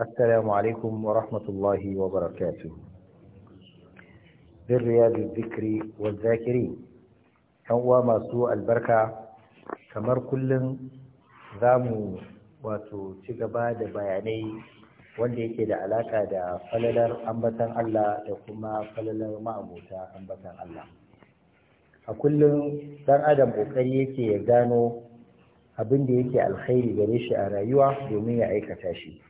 السلام عليكم ورحمة الله وبركاته بالرياض الذكر والذاكرين هو ما سوء البركة كمر كل ذامو واتو da بياني wanda yake da alaka da falalar ambatan Allah da kuma falalar ma'amuta ambatan Allah a kullum dan adam kokari yake ya gano abin da yake alkhairi gare shi a rayuwa domin ya aikata shi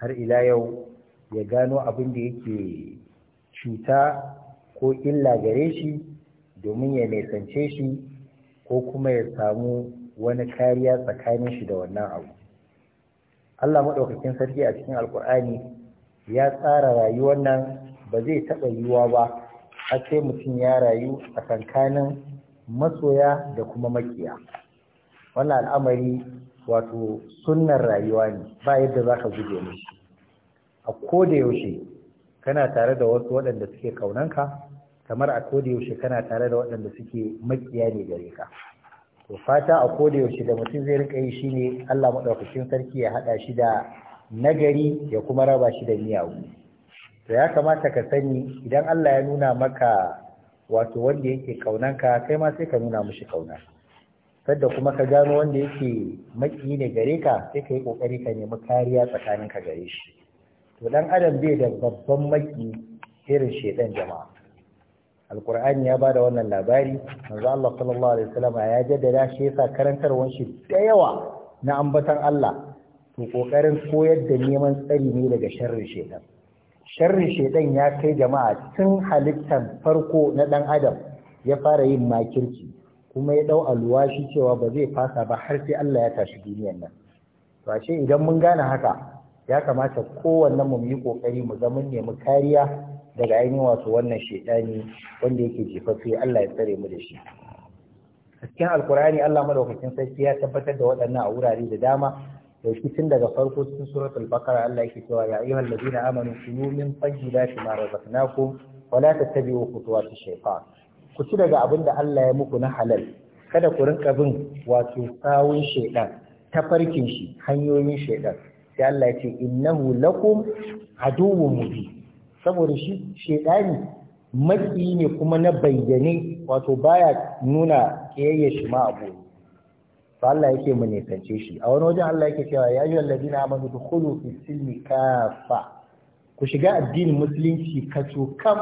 har ila yau ya gano abin da yake cuta ko illa gare shi domin ya nesance shi ko kuma ya samu wani kariya tsakanin shi da wannan abu Allah maɗaukakin sarki a cikin alkur'ani ya tsara rayuwar nan ba zai taɓa yiwuwa ba a ce mutum ya rayu a tsakanin masoya da kuma makiya wannan al'amari wato sunnar rayuwa ne ba yadda za ka guje ne a koda yaushe kana tare da wasu waɗanda suke kaunanka kamar a koda yaushe kana tare da waɗanda suke makiya ne gare ka to fata a koda yaushe da mutum zai rika yi shine Allah madaukakin sarki ya hada shi da nagari ya kuma raba shi da miyawu to ya kamata ka sani idan Allah ya nuna maka wato wanda yake kaunanka kai ma sai ka nuna mishi kaunanka sadda kuma ka gano wanda yake maki ne gare ka sai ka yi kokari ka nemi kariya tsakanin ka gare shi to dan adam bai da babban maki irin shedan jama'a alqur'ani ya bada wannan labari manzo Allah sallallahu alaihi wasallam ya jaddada shi yasa karantarwar shi da yawa na ambatan Allah to kokarin koyar da neman tsari ne daga sharri shedan sharri shedan ya kai jama'a tun halittan farko na dan adam ya fara yin makirci kuma ya dau alwashi cewa ba zai fasa ba har sai Allah ya tashi duniyar nan to ashe idan mun gane haka ya kamata kowanne mu yi kokari mu zama nemi kariya daga ainihin wato wannan shedani wanda yake jefaffe Allah ya tsare mu da shi cikin alkurani Allah madaukakin sarki ya tabbatar da waɗannan a wurare da dama yaushe tun daga farko cikin suratul bakara Allah yake cewa ya ayyuhal ladina amanu kulu min tayyibati ma razaqnakum wa la tattabi'u khutuwati shaytan ku ci daga abin da Allah ya muku na halal kada ku rinka bin wato sawun shaidan tafarkin shi hanyoyin shaidan sai Allah ya ce innahu lakum aduwwun mubin saboda shi shaidani maki ne kuma na bayyane wato baya nuna kiyayyar shi ma abu to Allah yake mu ne kance shi a wani wajen Allah yake cewa ya ayyuhal ladina amanu dukhulu fi silmi kafa ku shiga addinin musulunci kaso kam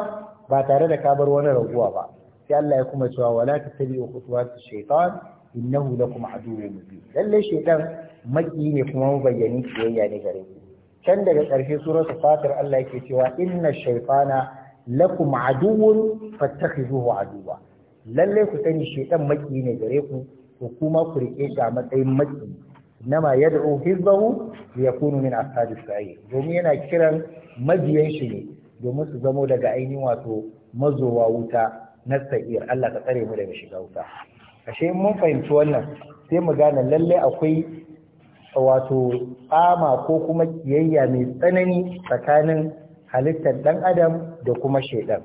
ba tare da kabar wani raguwa ba sai Allah ya kuma cewa wala tattabi'u khutuwati shaytan innahu lakum aduwwun mubin lalle shaytan maki ne kuma mabayyani kiyayya ne gare ku can daga ƙarshe suratul fatir Allah yake cewa inna shaytana lakum aduwwun fattakhizuhu duba. lalle ku sani shaytan maki ne gare ku ko kuma ku rike shi a matsayin maki nama yad'u hizbahu liyakunu min ashabis sa'ir domin yana kiran mabiyan shi ne domin su zamo daga ainihin wato mazowa wuta nasta'ir Allah ka tsare mu daga shiga wuta ashe mun fahimci wannan sai mu gane lalle akwai wato tsama ko kuma kiyayya mai tsanani tsakanin halittar dan adam da kuma shedan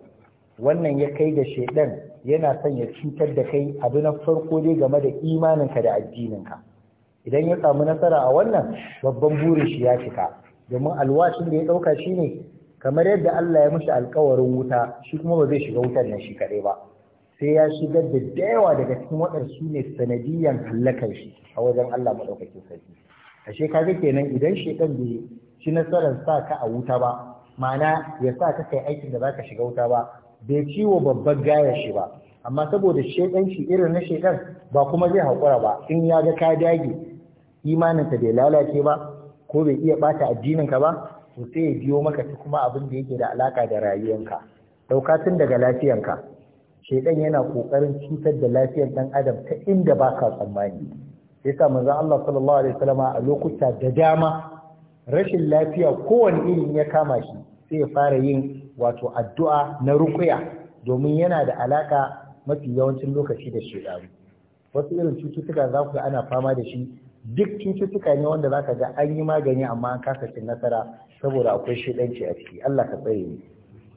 wannan ya kai ga shedan yana son ya cutar da kai abu na farko dai game da imaninka da addininka idan ya samu nasara a wannan babban burin shi ya cika domin alwashin da ya ɗauka shine kamar yadda Allah ya mishi alkawarin wuta shi kuma ba zai shiga wutar nan shi kaɗai ba sai ya shigar da dayawa daga cikin waɗansu ne sanadiyyar hallakar shi a wajen Allah maɗaukakin sarki ashe kaga kenan idan shekan bai shi nasarar sa ka a wuta ba ma'ana ya sa ka kai aikin da zaka shiga wuta ba bai ciwo babban gayar shi ba amma saboda shekan irin na shekan ba kuma zai haƙura ba in ya ga ka dage imaninka bai lalace ba ko bai iya ɓata addininka ba to sai ya biyo maka ta kuma abin da yake da alaka da rayuwanka dauka tun daga lafiyanka shaidan yana kokarin cutar da lafiyar dan adam ta inda baka tsammani sai sa manzon Allah sallallahu alaihi wasallam a lokuta da dama rashin lafiya kowane irin ya kama shi sai ya fara yin wato addu'a na ruqya domin yana da alaka mafi yawancin lokaci da shedanu wasu irin cututtuka za ku ana fama da shi duk cututtuka ne wanda za ka ga an yi magani amma an kasa cin nasara saboda akwai shidanci a ciki Allah ka tsaye ni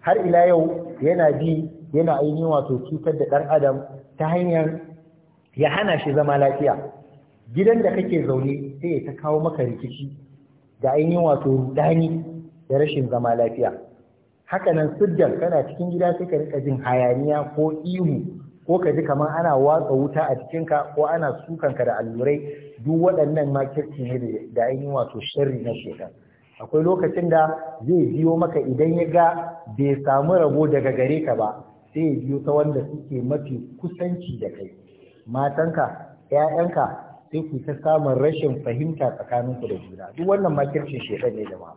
har ila yau yana bi yana ainihin wato cutar da ɗan adam ta hanyar ya hana shi zama lafiya gidan da kake zaune sai ya ta kawo maka rikici da ainihin wato rudani da rashin zama lafiya Haka nan, sujjan kana cikin gida sai ka rika jin hayaniya ko ihu ko ka ji kamar ana watsa wuta a cikinka ko ana sukanka da allurai duk waɗannan ma kirki ne da an yi wato sharri na shekar akwai lokacin da zai biyo maka idan ya ga bai samu rabo daga gare ka ba sai ya biyo ta wanda suke mafi kusanci da kai matanka ƴaƴanka sai ku ta samun rashin fahimta tsakaninku da juna duk wannan makircin shekar ne jama'a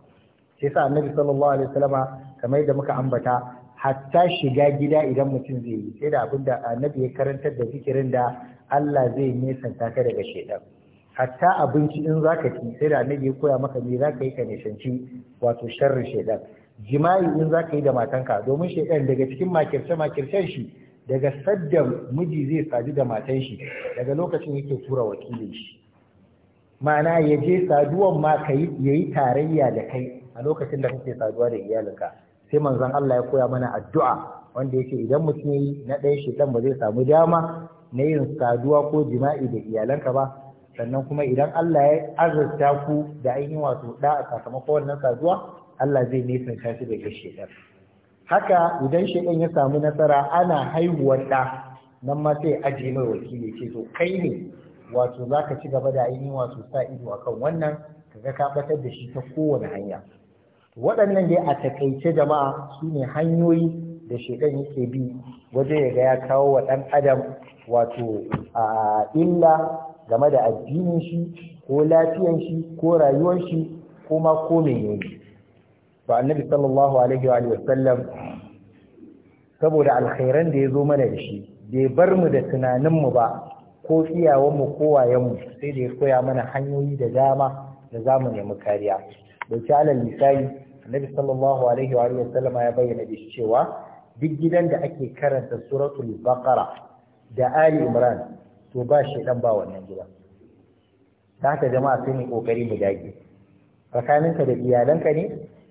sai sa annabi sallallahu alaihi wasallama kamar da muka ambata hatta shiga gida idan mutum zai yi sai da abin da annabi ya karantar da zikirin da Allah zai nesanta ka daga shaidan hatta abinci in zaka ci sai da annabi ya koya maka me zaka yi ka nishanci wato sharri shaidan jima'i in zaka yi da matanka domin shaidan daga cikin makirce makircen shi daga sadda miji zai sadu da matan shi daga lokacin yake tura wakilin shi ma'ana ya je saduwan ma ka yi tarayya da kai a lokacin da kake saduwa da iyalinka sai manzon Allah ya koya mana addu'a wanda yake idan mutum yi na ɗaya shedan ba zai samu dama na yin saduwa ko jima'i da iyalanka ba sannan kuma idan Allah ya azurta ku da an yi wato da a sakamakon wannan saduwa Allah zai nisanta shi daga shedan haka idan shedan ya samu nasara ana haihuwar ɗa nan ma sai aje mai wakili ce to kai ne wato zaka ci gaba da yi wato sa ido kan wannan kaga ka batar da shi ta kowane hanya waɗannan dai a takaice jama'a su ne hanyoyi da shaidan yake bi wajen ya ga ya kawo wa ɗan adam wato a illa game da addinin shi ko lafiyan shi ko rayuwar shi ko ma ko menene ba annabi sallallahu alaihi wa sallam saboda alkhairan da ya zo mana da shi bai bar mu da tunanin mu ba ko tsiyawan mu ko wayan mu sai da ya koya mana hanyoyi da dama da zamu nemi kariya dauki alal misali annabi sallallahu alaihi wa sallama ya bayyana da cewa duk gidan da ake karanta suratul baqara da ali imran to ba shi dan ba wannan gida ta haka jama'a sai mu kokari mu dage tsakaninka da iyalanka ne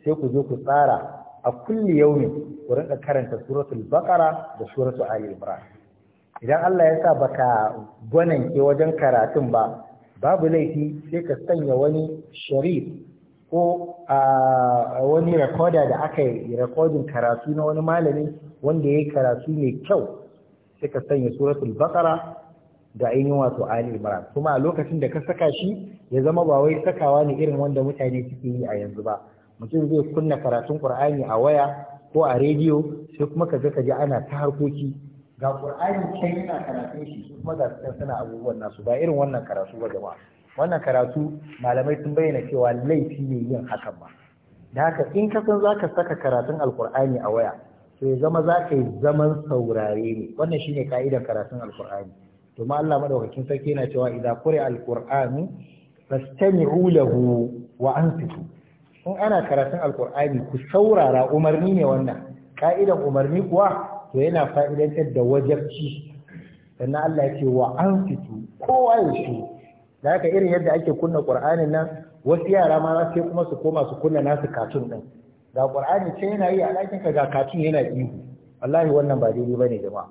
sai ku je ku tsara a kulli yaumin ku rinka karanta suratul baqara da suratul ali imran idan Allah ya sa baka ke wajen karatun ba babu laifi sai ka sanya wani sharif ko wani rekoda da aka yi rekodin karatu na wani malami wanda ya yi karatu mai kyau suka sanya suratul bakara da ainihin wato ali imran kuma a lokacin da ka saka shi ya zama ba wai sakawa ne irin wanda mutane suke yi a yanzu ba mutum zai kunna karatun qur'ani a waya ko a rediyo sai kuma ka ka ji ana ta harkoki ga qur'ani can yana karatun shi kuma ga suna abubuwan nasu ba irin wannan karatu ba jama'a wannan karatu malamai sun bayyana cewa laifi ne yin hakan ba da haka in ka san zaka saka karatun alkur'ani a waya to ya zama za ka yi zaman saurare ne wannan shine ka'idar karatun alkur'ani to ma Allah madaukakin sarki yana cewa idza quri alkur'ani fastami'u lahu wa ansitu in ana karatun alkur'ani ku saurara umarni ne wannan ka'idan umarni kuwa to yana fa'idantar da wajabci sannan Allah ya ce wa ansitu kowa ya shi da haka irin yadda ake kunna qur'anin nan wasu yara ma sai kuma su koma su kunna nasu katun din ga qur'ani ce yana yi a dakin ka ga katun yana ihu wallahi wannan ba daidai bane jama'a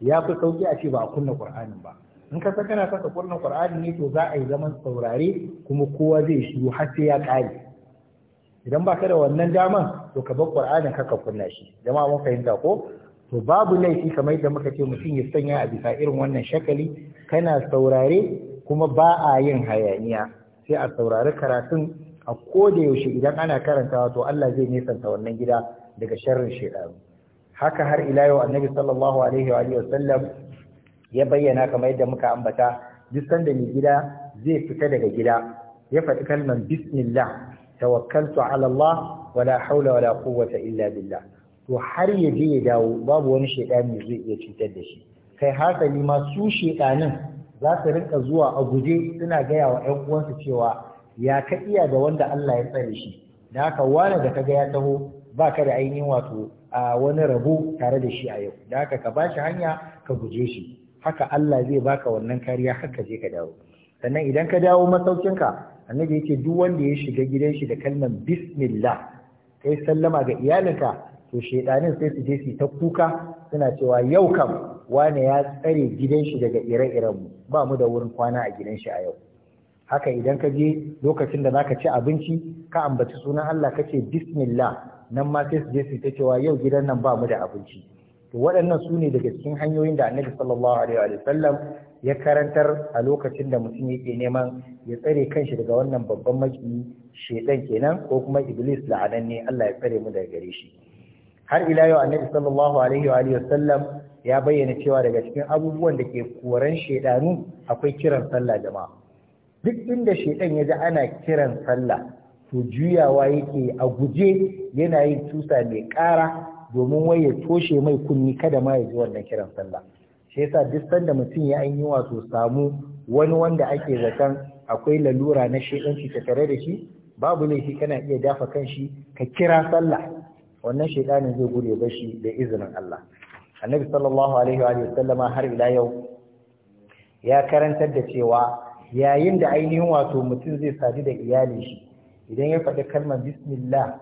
ya fi sauki a ce ba a kunna qur'anin ba in ka san kana saka kunna qur'ani ne to za a yi zaman saurare kuma kowa zai shigo har sai ya kare idan ba ka da wannan daman to ka bar qur'anin ka ka kunna shi jama'a mun fahimta ko to babu laifi kamar yadda muka ce mutum ya sanya a bisa irin wannan shakali kana saurare kuma ba a yin hayaniya sai a saurari karatun a koda yaushe idan ana karantawa to Allah zai nisanta wannan gida daga sharrin shekaru haka har ila yau annabi sallallahu alaihi wa alihi wasallam ya bayyana kamar yadda muka ambata duk sanda mai gida zai fita daga gida ya faɗi kalmar bismillah tawakkaltu ala Allah wala haula wala quwwata illa billah to har ya je ya dawo babu wani shedani zai iya cutar da shi kai hasali ma su shedanin za su rinka zuwa a guje suna gaya wa ‘yan uwansu cewa ya ka iya da wanda Allah ya tsare shi da haka wani da ga ya taho ba ka da ainihin wato a wani rabo tare da shi a yau da haka ka bashi hanya ka guje shi haka Allah zai baka wannan kariya har ka je ka dawo sannan idan ka dawo masaukinka annabi yake duk wanda ya shiga gidan shi da kalmar bismillah kai sallama ga iyalinka to shedanin sai su je su ta kuka suna cewa yau kam wane ya tsare gidan shi daga ire-iren mu ba mu da wurin kwana a gidan shi a yau haka idan ka je lokacin da zaka ci abinci ka ambaci sunan Allah kace bismillah nan ma sai su je su ta cewa yau gidan nan ba mu da abinci to waɗannan su ne daga cikin hanyoyin da Annabi sallallahu alaihi wa sallam ya karantar a lokacin da mutum yake neman ya tsare kanshi daga wannan babban maki shedan kenan ko kuma iblis la'ananne Allah ya tsare mu daga gare shi har ila yau annabi sallallahu alaihi wa alihi wasallam ya bayyana cewa daga cikin abubuwan da ke koran shedanu akwai kiran sallah jama'a duk inda shedan ya ji ana kiran sallah to juyawa yake a guje yana yin tusa mai ƙara domin wai ya toshe mai kunni kada ma ya ji wannan kiran sallah shi yasa duk sanda mutum ya yi wato samu wani wanda ake zaton akwai lalura na shedanci tattare da shi babu laifi kana iya dafa kan shi ka kira sallah wannan shaytanin zai gure shi da izinin Allah annabi sallallahu alaihi wa sallama har ila yau ya karantar da cewa yayin da ainihin wato mutum zai sadu da iyalin shi idan ya faɗi kalmar bismillah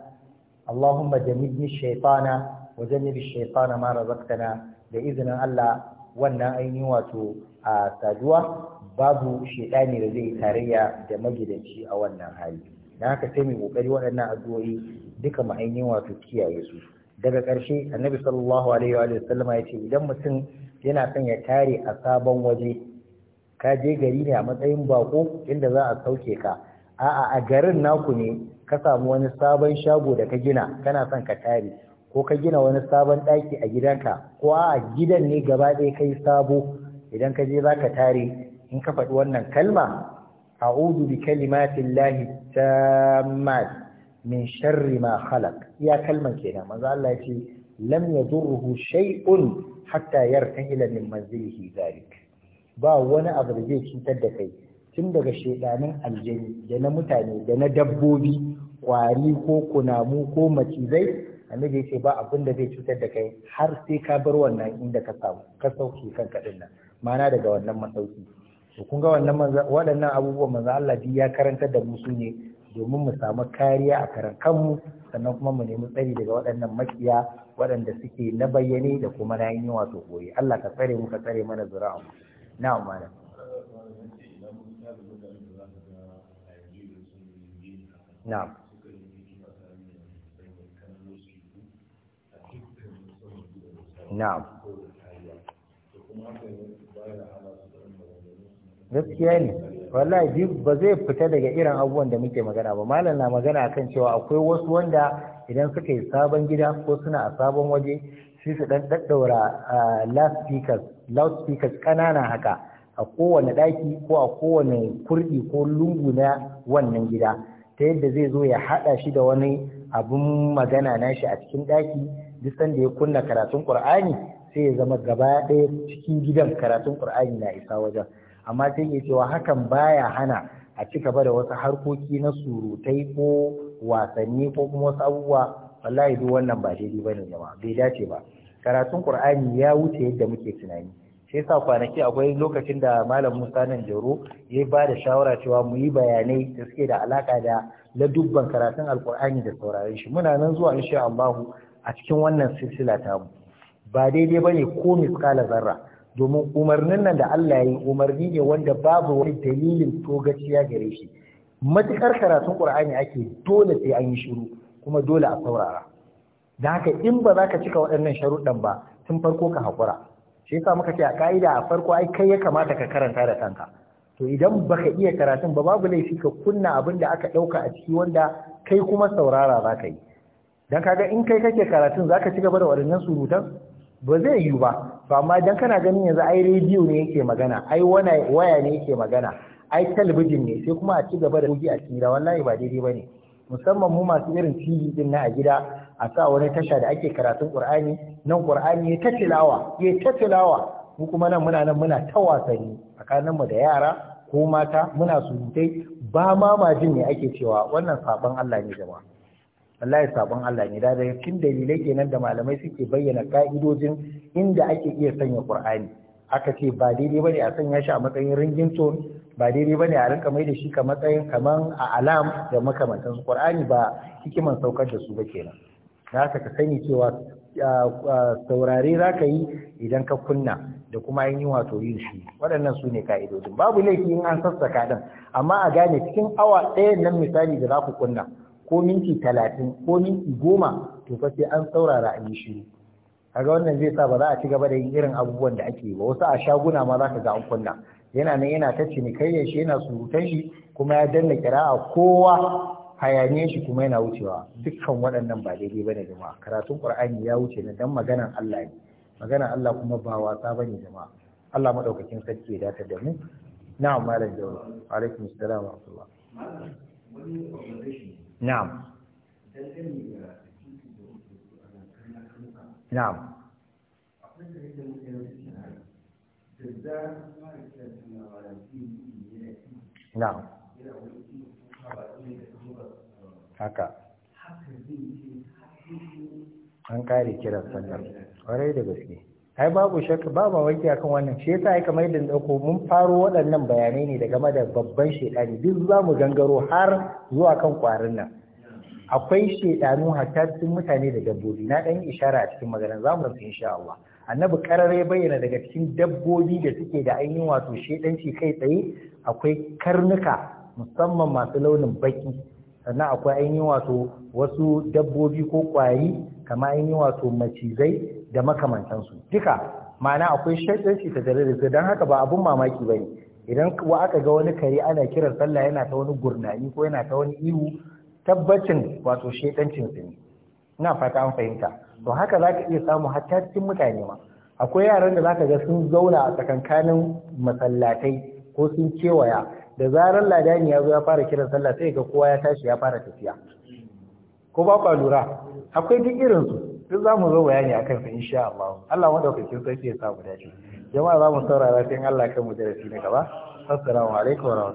Allahumma jamilni shaytana wa jamil shaytana ma razaqtana da izinin Allah wannan ainihin wato a saduwa babu shaytani da zai tarayya da magidanci a wannan hali da haka sai mai kokari waɗannan addu'o'i duka mu wato kiyaye su daga ƙarshe annabi sallallahu alaihi wa sallam ya ce idan mutum yana son ya tare a sabon waje ka je gari ne a matsayin bako inda za a sauke ka a'a a garin naku ne ka samu wani sabon shago da ka gina kana son ka tare ko ka gina wani sabon ɗaki a gidanka ko a gidan ne gaba ɗaya kai sabo idan ka je za ka tare in ka faɗi wannan kalma A'udu bi kalimatillahi tammat min sharri ma khalaq ya kalman kenan manzo Allah yace lam yadurruhu shay'un hatta yartahila min manzilihi zalik ba wani abu da zai cutar da kai tun daga shedanin aljani da na mutane da na dabbobi kwari ko kunamu ko macizai annabi yace ba abin da zai cutar da kai har sai ka bar wannan inda ka samu ka sauke kanka dinnan ma'ana daga wannan masauki to kun ga waɗannan abubuwan manzo Allah bi ya karanta da mu su ne domin mu samu kariya a karan kanmu sannan kuma mu nemi tsari daga waɗannan makiya waɗanda suke na bayyane da kuma na yin wato goyi Allah ka tsare mu ka tsare mana zura'a na amana na'am na'am gaskiya ne wallahi ba zai fita daga irin abubuwan da muke magana ba malam na magana kan cewa akwai wasu wanda idan suka yi sabon gida ko suna a sabon waje sai su dan daddaura loud speakers kanana haka a kowane daki ko a kowane kurdi ko lungu na wannan gida ta yadda zai zo ya hada shi da wani abun magana nashi a cikin daki duk sanda ya kunna karatun qur'ani sai ya zama gaba ɗaya cikin gidan karatun qur'ani na isa wajen amma sai ke cewa hakan baya hana a ci gaba da wasu harkoki na surutai ko wasanni ko kuma wasu abubuwa wallahi duk wannan ba daidai ba ne jama'a bai dace ba karatun qur'ani ya wuce yadda muke tunani sai sa kwanaki akwai lokacin da malam musa nan jaro ya ba da shawara cewa mu yi bayanai da suke da alaka da ladubban karatun alqur'ani da sauraron shi muna nan zuwa insha Allah a cikin wannan silsila ta mu ba daidai bane ko misqala zarra domin umarnin nan da Allah ya yi umarni ne wanda babu wani dalilin togaciya gare shi matukar karatun Qur'ani ake dole sai an yi shiru kuma dole a saurara da haka in ba za ka cika waɗannan sharuɗan ba tun farko ka haƙura shi yasa muka ce a ka'ida a farko ai kai ya kamata ka karanta da kanka to idan baka iya karatun ba babu laifi ka kunna abin da aka ɗauka a ciki wanda kai kuma saurara za ka yi Dan kaga in kai kake karatun za ka ci gaba da waɗannan surutan ba zai yiwu ba to amma don kana ganin yanzu ai rediyo ne yake magana ai waya ne yake magana ai talabijin ne sai kuma a ci gaba da kogi a tsira wallahi ba daidai ne, musamman mu masu irin TV din na a gida a sa wani tasha da ake karatun Qur'ani nan Qur'ani ya ta tilawa ya ta tilawa mu kuma nan muna nan muna ta wasanni tsakanin mu da yara ko mata muna surutai ba ma majin jin ake cewa wannan sabon Allah ne jama'a wallahi sabon Allah ne da daga cikin dalilai kenan da malamai suke bayyana ka'idojin inda ake iya sanya Qur'ani aka ce ba daidai bane a sanya shi a matsayin ringin tone ba daidai bane a rinka mai da shi ka matsayin kaman a alam da makamantan Qur'ani ba hikiman saukar da su ba kenan da ka sani cewa saurare za ka yi idan ka kunna da kuma yin wato yin shi waɗannan su ne ka'idojin babu laifi in an sassaka ɗin amma a gane cikin awa ɗayan nan misali da za ku kunna ko minti talatin ko minti goma to fa sai an saurara a yi shiru kaga wannan zai sa ba za a ci gaba da yin irin abubuwan da ake ba wasu a shaguna ma za ka ga an kunna yana nan yana ta cinikayyar shi yana surutan shi kuma ya danna kira'a kowa hayaniyar shi kuma yana wucewa dukkan waɗannan ba daidai ba ne jama'a karatun ƙur'ani ya wuce na dan maganan Allah ne maganan Allah kuma ba wasa ba ne jama'a Allah maɗaukakin sarki ya datar da mu na'am malam jawo alaikum wa نعم نعم نعم haka an kare kiran sallar kwarai da gaske ai babu shakka ba mamaki akan wannan shi yasa ai kamar yadda dauko mun faro waɗannan bayanai ne daga da babban shedani duk za mu gangaro har zuwa kan kwarin nan akwai shedanu hatta cikin mutane da dabbobi na dan ishara a cikin maganar za mu rufe insha Allah annabi karare bayyana daga cikin dabbobi da suke da ainihin wato shedanci kai tsaye akwai karnuka musamman masu launin baki sannan akwai ainihin wato wasu dabbobi ko ƙwari kama ainihin wato macizai da makamantansu duka ma'ana akwai shi ta tare da su don haka ba abin mamaki ba ne idan wa aka ga wani kare ana kiran sallah yana ta wani gurnani ko yana ta wani ihu tabbacin wato shaɗancin su ne ina fata an fahimta to haka za ka iya samu hatta cikin mutane ma akwai yaran da za ka ga sun zauna a tsakankanin masallatai ko sun kewaya da zarar ladani ya zo ya fara kiran sallah sai ga kowa ya tashi ya fara tafiya ko ba lura akwai duk irin su duk za mu zo bayani akan su insha Allah Allah madaukakin sai ya samu dace jama'a za mu saurara sai Allah kai mu darasi na gaba assalamu alaikum wa